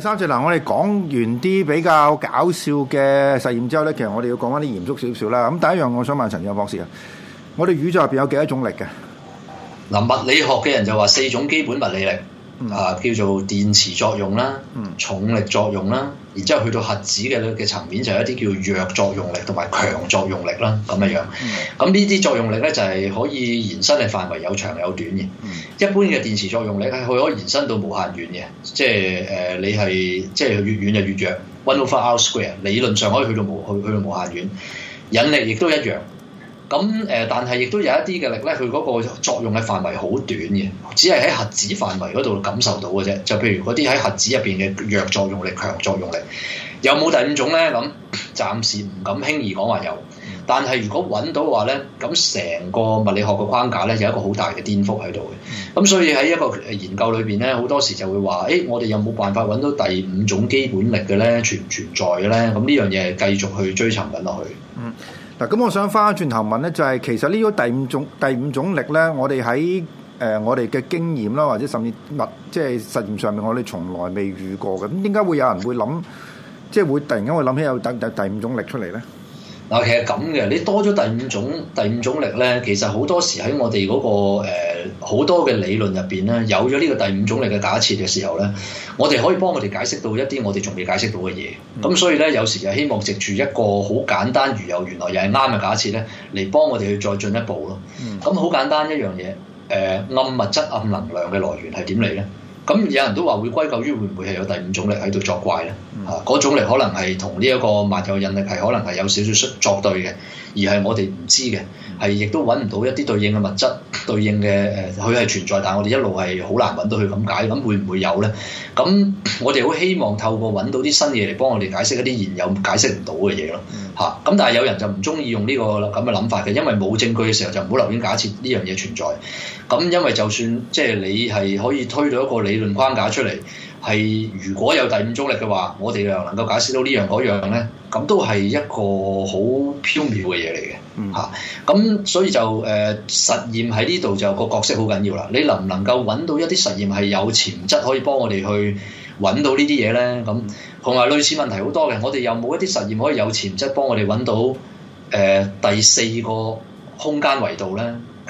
三隻嗱，我哋講完啲比較搞笑嘅實驗之後咧，其實我哋要講翻啲嚴肅少少啦。咁第一樣，我想問陳志宏博士啊，我哋宇宙入邊有幾多種力嘅？嗱，物理學嘅人就話四種基本物理力。啊，叫做電磁作用啦，嗯、重力作用啦，然之後去到核子嘅嘅層面就係一啲叫弱作用力同埋強作用力啦，咁嘅樣。咁呢啲作用力咧就係、是、可以延伸嘅範圍有長有短嘅。嗯、一般嘅電磁作用力係佢可以延伸到無限遠嘅，即係誒你係即係越遠就越弱，one over r square 理論上可以去到無去去到無限遠。引力亦都一樣。咁誒，但係亦都有一啲嘅力咧，佢嗰個作用嘅範圍好短嘅，只係喺核子範圍嗰度感受到嘅啫。就譬如嗰啲喺核子入邊嘅弱作用力、強作用力，有冇第五種咧？咁暫時唔敢輕易講話有。但係如果揾到嘅話咧，咁成個物理學嘅框架咧有一個好大嘅顛覆喺度嘅。咁所以喺一個研究裏邊咧，好多時就會話：誒、欸，我哋有冇辦法揾到第五種基本力嘅咧？存唔存在嘅咧？咁呢樣嘢係繼續去追尋緊落去。嗯。嗱，咁我想翻轉頭問咧，就係、是、其實呢個第五種第五種力咧，我哋喺誒我哋嘅經驗啦，或者甚至物即係、就是、實驗上面，我哋從來未遇過嘅，咁點解會有人會諗，即、就、係、是、會突然間會諗起有第第、第五種力出嚟咧？嗱，其實咁嘅，你多咗第五種第五種力咧，其實好多時喺我哋嗰、嗰個好、呃、多嘅理論入邊咧，有咗呢個第五種力嘅假設嘅時候咧，我哋可以幫我哋解釋到一啲我哋仲未解釋到嘅嘢。咁、嗯、所以咧，有時就希望藉住一個好簡單，如又原來又係啱嘅假設咧，嚟幫我哋去再進一步咯。咁好、嗯、簡單一樣嘢，誒、呃、暗物質暗能量嘅來源係點嚟咧？咁有人都話會歸咎於會唔會係有第五種力喺度作怪咧？啊，嗰種嚟可能係同呢一個萬有引力係可能係有少少作對嘅，而係我哋唔知嘅，係亦都揾唔到一啲對應嘅物質對應嘅誒，佢、呃、係存在，但係我哋一路係好難揾到佢咁解，咁會唔會有呢？咁我哋好希望透過揾到啲新嘢嚟幫我哋解釋一啲現有解釋唔到嘅嘢咯。嚇、啊，咁但係有人就唔中意用呢、呢個咁嘅諗法嘅，因為冇證據嘅時候就唔好留戀假設呢樣嘢存在。咁因為就算即係你係可以推到一個理論框架出嚟。係，如果有第五種力嘅話，我哋又能夠解釋到樣樣呢樣嗰樣咧，咁都係一個好飄渺嘅嘢嚟嘅，嚇、嗯。咁、啊、所以就誒、呃、實驗喺呢度就個角色好緊要啦。你能唔能夠揾到一啲實驗係有潛質可以幫我哋去揾到呢啲嘢呢？咁同埋類似問題好多嘅，我哋有冇一啲實驗可以有潛質幫我哋揾到、呃、第四個空間維度呢？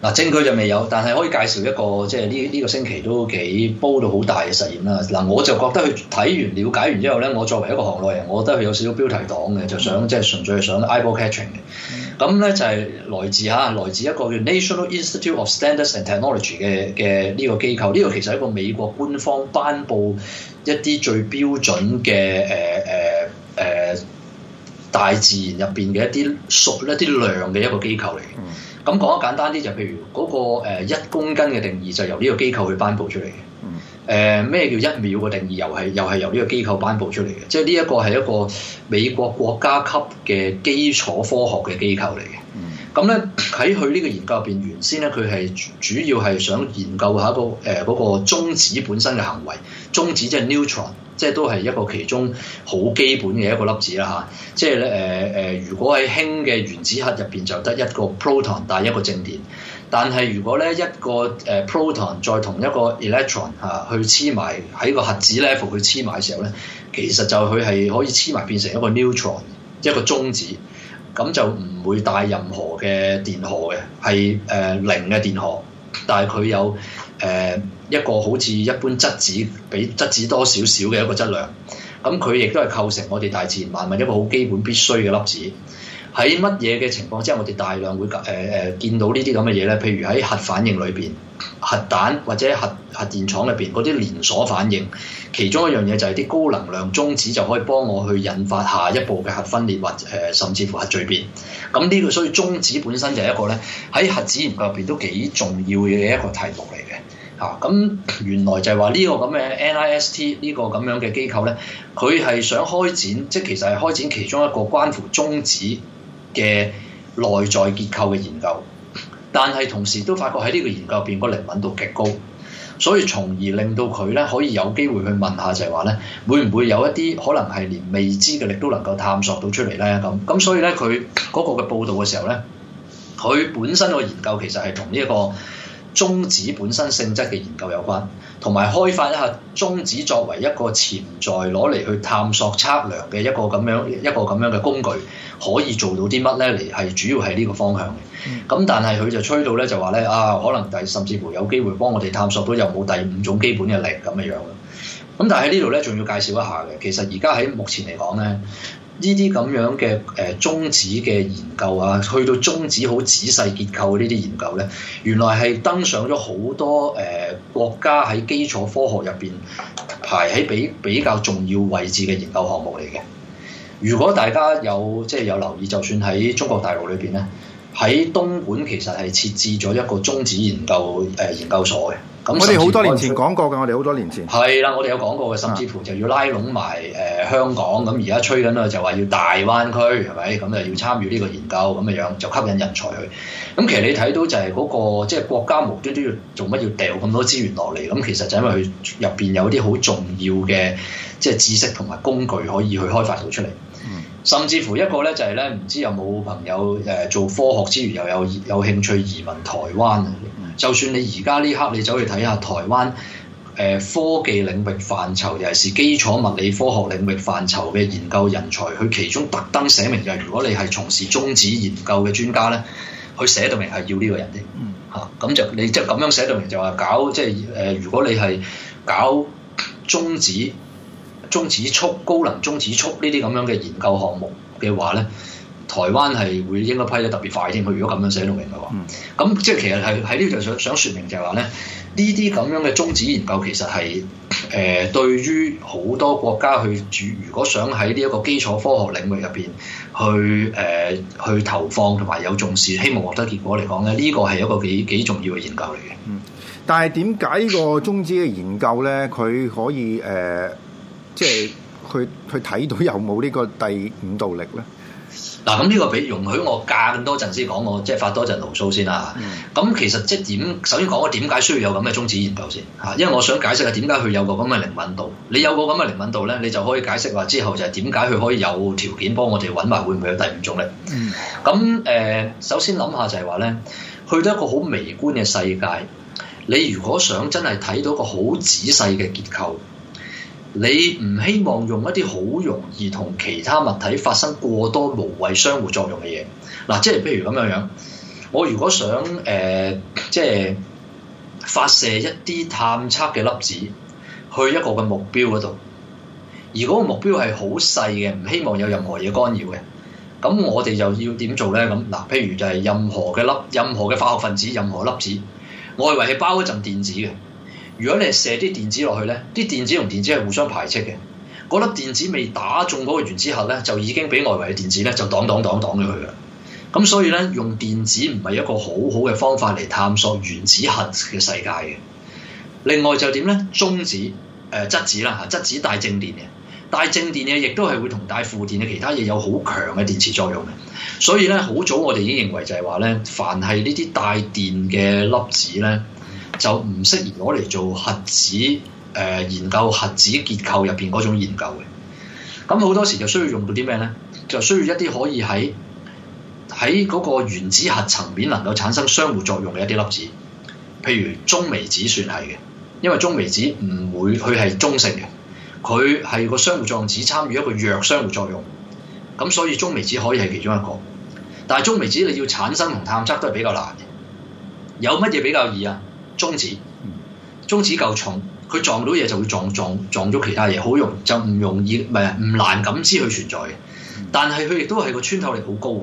嗱、啊、證據就未有，但係可以介紹一個即係呢呢個星期都幾煲到好大嘅實驗啦。嗱、啊，我就覺得佢睇完、了解完之後咧，我作為一個行內人，我覺得佢有少少標題黨嘅，就想、嗯、即係純粹係想 eye ball catching 嘅。咁咧、嗯、就係、是、來自嚇、啊，來自一個叫 National Institute of Standards and Technology 嘅嘅呢個機構。呢、這個其實係一個美國官方頒布一啲最標準嘅誒誒誒大自然入邊嘅一啲屬一啲量嘅一個機構嚟嘅。嗯咁講得簡單啲就譬如嗰、嗰個一公斤嘅定義就由呢個機構去頒布出嚟嘅。誒咩、嗯呃、叫一秒嘅定義又係又係由呢個機構頒布出嚟嘅，即係呢一個係一個美國國家級嘅基礎科學嘅機構嚟嘅。咁咧喺佢呢個研究入邊原先咧，佢係主要係想研究一下一、嗰個誒嗰、呃嗰個中子本身嘅行為。中子即係 neutron 即係都係一個其中好基本嘅一個粒子啦吓、啊，即係咧誒誒，如果喺輕嘅原子核入邊就得一個 proton 帶一個正電，但係如果咧一個誒、呃、proton 再同一個 electron 吓、啊、去黐埋喺個核子 level 去黐埋嘅時候咧，其實就佢係可以黐埋變成一個 neutron 一個中子，咁就唔會帶任何嘅電荷嘅，係誒、呃、零嘅電荷，但係佢有誒。呃一個好似一般質子比質子多少少嘅一個質量，咁、嗯、佢亦都係構成我哋大自然萬物一個好基本必須嘅粒子。喺乜嘢嘅情況之下，我哋大量會誒誒、呃、見到這這呢啲咁嘅嘢咧？譬如喺核反應裏邊、核彈或者核核電廠裏邊嗰啲連鎖反應，其中一樣嘢就係啲高能量中子就可以幫我去引發下一步嘅核分裂或誒、呃、甚至乎核聚變。咁、嗯、呢、這個所以中子本身就係一個咧喺核子研究入邊都幾重要嘅一個題目嚟嘅。嚇、咁、啊、原來就係話呢個咁嘅 NIST 呢個咁樣嘅機構呢，佢係想開展，即其實係開展其中一個關乎中子嘅內在結構嘅研究，但係同時都發覺喺呢個研究入邊個靈敏度極高，所以從而令到佢呢可以有機會去問下就係話呢會唔會有一啲可能係連未知嘅力都能夠探索到出嚟呢？咁，咁所以呢，佢嗰個嘅報道嘅時候呢，佢本身個研究其實係同呢一個中子本身性質嘅研究有關，同埋開發一下中子作為一個潛在攞嚟去探索測量嘅一個咁樣一個咁樣嘅工具，可以做到啲乜呢？嚟係主要係呢個方向嘅。咁但係佢就吹到呢，就話呢，啊，可能第甚至乎有機會幫我哋探索到有冇第五種基本嘅力咁嘅樣咯。咁但係呢度呢，仲要介紹一下嘅，其實而家喺目前嚟講呢。呢啲咁樣嘅誒中子嘅研究啊，去到中子好仔細結構呢啲研究呢，原來係登上咗好多誒、呃、國家喺基礎科學入邊排喺比比較重要位置嘅研究項目嚟嘅。如果大家有即係、就是、有留意，就算喺中國大陸裏邊咧，喺東莞其實係設置咗一個中子研究誒、呃、研究所嘅。我哋好多年前講過嘅，我哋好多年前係啦，我哋有講過嘅，甚至乎就要拉攏埋誒、呃、香港。咁而家吹緊啊，就話要大灣區，係咪？咁就要參與呢個研究咁嘅樣，就吸引人才去。咁其實你睇到就係嗰個，即係國家無端端要做乜要掉咁多資源落嚟？咁其實就因為佢入邊有啲好重要嘅，即係知識同埋工具可以去開發到出嚟。嗯、甚至乎一個呢就係呢，唔知有冇朋友誒、呃、做科學之餘，又有有興趣移民台灣啊？嗯就算你而家呢刻你走去睇下台灣誒、呃、科技領域範疇，尤其是基礎物理科學領域範疇嘅研究人才，佢其中特登寫明就係如果你係從事中子研究嘅專家咧，佢寫到明係要呢個人啫。嚇，咁就你即係咁樣寫到明就話搞即係誒，如果你係、嗯啊、搞中子、中子速、高能中子速呢啲咁樣嘅研究項目嘅話咧。台灣係會應該批得特別快添，佢如果咁樣寫到明嘅話，咁、嗯、即係其實係喺呢度想想説明就係話咧，呢啲咁樣嘅中子研究其實係誒、呃、對於好多國家去主，如果想喺呢一個基礎科學領域入邊去誒、呃、去投放同埋有，有重視，希望獲得結果嚟講咧，呢、呢個係一個幾幾重要嘅研究嚟嘅。嗯，但係點解呢個中子嘅研究咧，佢可以誒，即係佢佢睇到有冇呢個第五道力咧？嗱，咁呢、啊、個俾容許我間多陣先講我，我即係發多陣牢騷先啦、啊。咁、嗯、其實即係點？首先講我點解需要有咁嘅終止研究先吓、啊，因為我想解釋下點解佢有個咁嘅靈敏度。你有個咁嘅靈敏度咧，你就可以解釋話之後就係點解佢可以有條件幫我哋揾埋會唔會有第五種咧？咁誒、嗯呃，首先諗下就係話咧，去到一個好微觀嘅世界，你如果想真係睇到個好仔細嘅結構。你唔希望用一啲好容易同其他物體發生過多無謂相互作用嘅嘢，嗱、啊，即係譬如咁樣樣。我如果想誒、呃，即係發射一啲探測嘅粒子去一個嘅目標嗰度，而嗰個目標係好細嘅，唔希望有任何嘢干擾嘅，咁我哋就要點做咧？咁嗱、啊，譬如就係任何嘅粒，任何嘅化學分子，任何粒子，外圍係包一層電子嘅。如果你係射啲電子落去，呢啲電子同電子係互相排斥嘅。嗰粒電子未打中嗰個原子核呢，就已經俾外圍嘅電子呢，就擋擋擋擋咗佢啦。咁所以呢，用電子唔係一個好好嘅方法嚟探索原子核嘅世界嘅。另外就點呢？中子、誒、呃、質子啦嚇，質子帶正電嘅，帶正電嘅亦都係會同帶負電嘅其他嘢有好強嘅電磁作用嘅。所以呢，好早我哋已經認為就係話呢，凡係呢啲帶電嘅粒子呢，就唔適宜攞嚟做核子誒、呃、研究核子結構入邊嗰種研究嘅，咁、嗯、好多時就需要用到啲咩呢？就需要一啲可以喺喺嗰個原子核層面能夠產生相互作用嘅一啲粒子，譬如中微子算係嘅，因為中微子唔會佢係中性嘅，佢係個相互作用只參與一個弱相互作用，咁、嗯、所以中微子可以係其中一個，但係中微子你要產生同探測都係比較難嘅，有乜嘢比較易啊？中子，中子夠重，佢撞到嘢就會撞撞撞咗其他嘢，好容就唔容易，唔係唔難感知佢存在嘅。但係佢亦都係個穿透力好高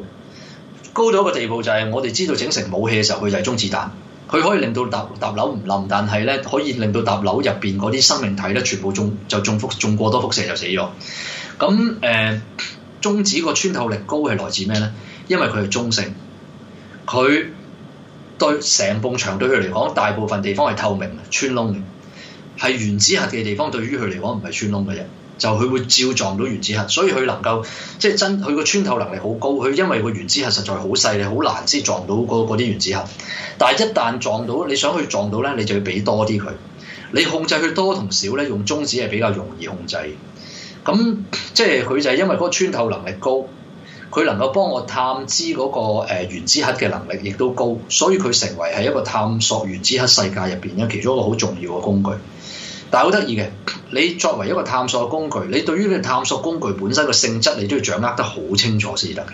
高到一個地步就係、是、我哋知道整成武器嘅時候，佢就係中子彈，佢可以令到搭搭樓唔冧，但係咧可以令到搭樓入邊嗰啲生命體咧全部中就中輻中，中過多輻射就死咗。咁誒、呃，中子個穿透力高係來自咩咧？因為佢係中性，佢。對成埲牆對佢嚟講，大部分地方係透明嘅，穿窿嘅係原子核嘅地方，對於佢嚟講唔係穿窿嘅啫，就佢會照撞到原子核，所以佢能夠即係、就是、真佢個穿透能力好高，佢因為個原子核實在好細，你好難先撞到嗰、那、啲、個、原子核，但係一旦撞到，你想去撞到咧，你就要俾多啲佢，你控制佢多同少咧，用中子係比較容易控制，咁即係佢就係、是、因為嗰個穿透能力高。佢能夠幫我探知嗰個、呃、原子核嘅能力，亦都高，所以佢成為係一個探索原子核世界入邊嘅其中一個好重要嘅工具。但係好得意嘅，你作為一個探索工具，你對於你探索工具本身嘅性質，你都要掌握得好清楚先得嘅。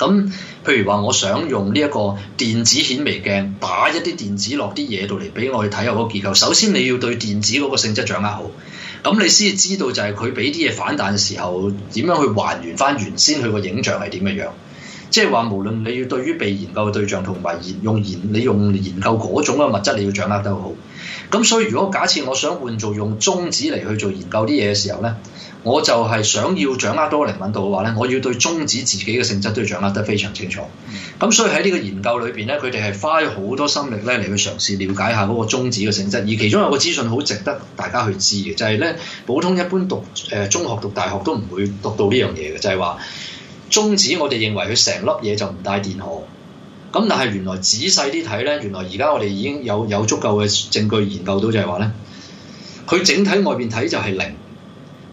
咁，譬如話，我想用呢一個電子顯微鏡打一啲電子落啲嘢度嚟，俾我去睇下個結構。首先你要對電子嗰個性質掌握好，咁你先至知道就係佢俾啲嘢反彈嘅時候，點樣去還原翻原先佢個影像係點樣。即係話，無論你要對於被研究嘅對象同埋研用研，你用研究嗰種嘅物質，你要掌握得好。咁所以，如果假設我想換做用中子嚟去做研究啲嘢嘅時候咧，我就係想要掌握到靈敏度嘅話咧，我要對中子自己嘅性質都要掌握得非常清楚。咁所以喺呢個研究裏邊咧，佢哋係花咗好多心力咧嚟去嘗試了解下嗰個中子嘅性質。而其中有個資訊好值得大家去知嘅，就係、是、咧普通一般讀誒、呃、中學讀大學都唔會讀到呢樣嘢嘅，就係話中子我哋認為佢成粒嘢就唔帶電荷。咁但係原來仔細啲睇咧，原來而家我哋已經有有足夠嘅證據研究到就係話咧，佢整體外邊睇就係零。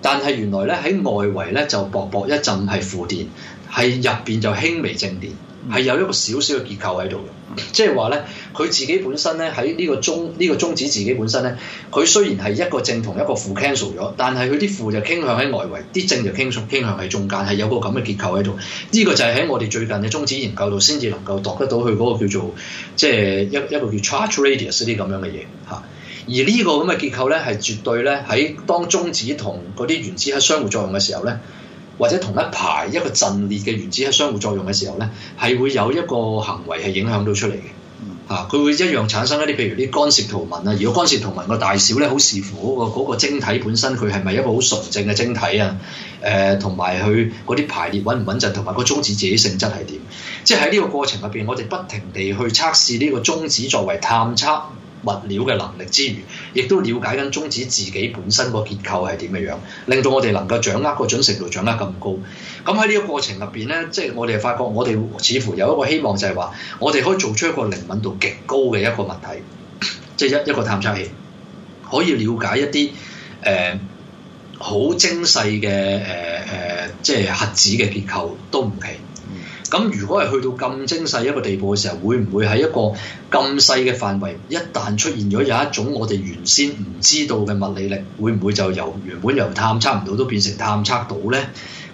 但係原來咧喺外圍咧就薄薄一陣係負電，係入邊就輕微正電，係有一個小小嘅結構喺度嘅，即係話咧佢自己本身咧喺呢個中呢、呢個中子自己本身咧，佢雖然係一個正同一個負 cancel 咗，但係佢啲負就傾向喺外圍，啲正就傾向傾向喺中間，係有個咁嘅結構喺度。呢、呢個就係喺我哋最近嘅中子研究度先至能夠度得到佢嗰個叫做即係一一個叫 charge radius 啲咁樣嘅嘢嚇。而呢個咁嘅結構咧，係絕對咧喺當中子同嗰啲原子核相互作用嘅時候咧，或者同一排一個陣列嘅原子核相互作用嘅時候咧，係會有一個行為係影響到出嚟嘅。嚇、啊，佢會一樣產生一啲譬如啲干涉圖紋啊。如果干涉圖紋個大小咧，好視乎嗰個嗰個晶體本身佢係咪一個好純正嘅晶體啊？誒、呃，同埋佢嗰啲排列穩唔穩陣，同埋個中子自己性質係點？即係喺呢個過程入邊，我哋不停地去測試呢個中子作為探測。物料嘅能力之餘，亦都了解緊中子自己本身個結構係點嘅樣，令到我哋能夠掌握個準確度掌握咁高。咁喺呢個過程入邊呢，即係我哋發覺，我哋似乎有一個希望就係話，我哋可以做出一個靈敏度極高嘅一個物體，即係一一個探測器，可以了解一啲誒好精細嘅誒誒，即係核子嘅結構都唔奇。咁如果係去到咁精細一個地步嘅時候，會唔會喺一個咁細嘅範圍，一旦出現咗有一種我哋原先唔知道嘅物理力，會唔會就由原本由探測唔到都變成探測到呢？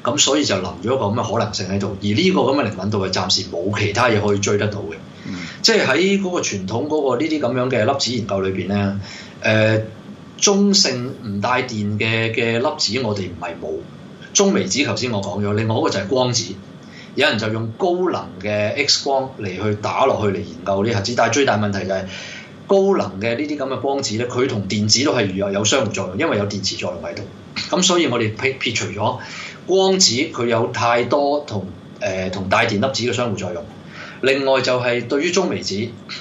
咁所以就留咗一個咁嘅可能性喺度，而呢個咁嘅靈敏度係暫時冇其他嘢可以追得到嘅。嗯、即係喺嗰個傳統嗰個呢啲咁樣嘅粒子研究裏邊呢，誒、呃、中性唔帶電嘅嘅粒子我哋唔係冇。中微子頭先我講咗，另外一個就係光子。有人就用高能嘅 X 光嚟去打落去嚟研究呢核子，但係最大問題就係、是、高能嘅呢啲咁嘅光子咧，佢同電子都係有有相互作用，因為有電磁作用喺度。咁所以我哋撇撇除咗光子，佢有太多同誒同帶電粒子嘅相互作用。另外就係對於中微子，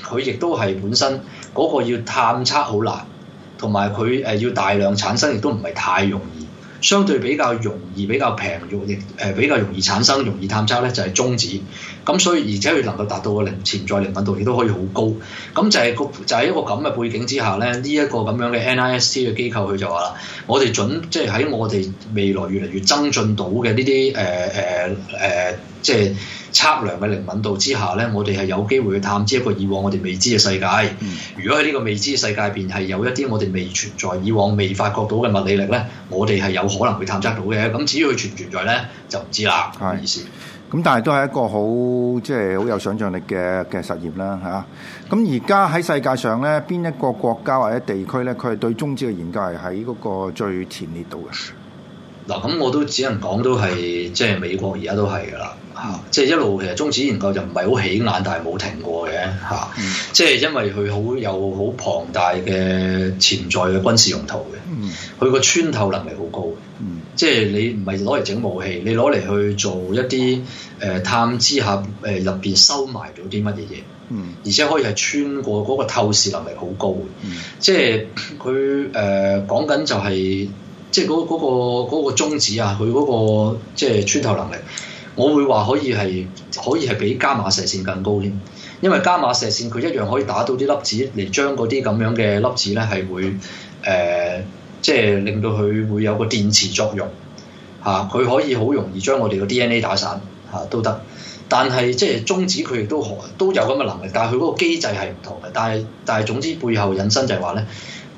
佢亦都係本身嗰個要探測好難，同埋佢誒要大量產生亦都唔係太容易。相對比較容易、比較平，亦誒比較容易產生、容易探測咧，就係中子。咁所以而且佢能夠達到個零潛在靈敏度，亦都可以好高。咁就係、是、個就喺、是、一個咁嘅背景之下咧，呢、這、一個咁樣嘅 NIST 嘅機構，佢就話啦：我哋準即係喺我哋未來越嚟越增進到嘅呢啲誒誒誒。呃呃呃即係測量嘅靈敏度之下咧，我哋係有機會去探知一個以往我哋未知嘅世界。如果喺呢個未知嘅世界邊係有一啲我哋未存在、以往未發覺到嘅物理力咧，我哋係有可能會探測到嘅。咁至於佢存唔存在咧，就唔知啦。咁是意思。咁但係都係一個好即係好有想象力嘅嘅實驗啦，嚇、啊。咁而家喺世界上咧，邊一個國家或者地區咧，佢係對中子嘅研究係喺嗰個最前列度嘅？嗱，咁、嗯、我都只能講都，都係即係美國而家都係㗎喇，嚇、啊，即、就、係、是、一路其實中子研究就唔係好起眼，但係冇停過嘅嚇、啊，即係因為佢好有好龐大嘅潛在嘅軍事用途嘅，佢個穿透能力好高、啊嗯、即係你唔係攞嚟整武器，你攞嚟去做一啲誒探知下誒入邊收埋咗啲乜嘢嘢，嗯、啊，而且可以係穿過嗰、那個透視能力好高、啊嗯啊、即係佢誒講緊就係、是。即係嗰嗰個中子、那個、啊，佢嗰、那個即係穿透能力，我會話可以係可以係比伽馬射線更高添，因為伽馬射線佢一樣可以打到啲粒子嚟將嗰啲咁樣嘅粒子咧係會誒、呃，即係令到佢會有個電磁作用嚇，佢、啊、可以好容易將我哋個 DNA 打散嚇、啊、都得，但係即係中子佢亦都可都有咁嘅能力，但係佢嗰個機制係唔同嘅，但係但係總之背後引申就係話咧。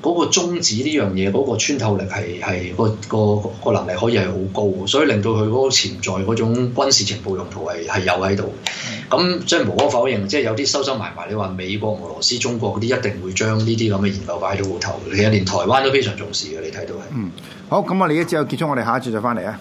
嗰個中子呢樣嘢，嗰、嗰個穿透力係係個個個能力可以係好高，所以令到佢嗰個潛在嗰種軍事情報用途係係有喺度咁，即係無可否認，即係有啲收收埋埋，埋，埋埋。你話美國、俄羅斯、中國嗰啲一定會將呢啲咁嘅研究擺喺度頭。其實連台灣都非常重視嘅。你睇到係嗯，好。咁我哋一節只有結束，我哋下一節再翻嚟啊。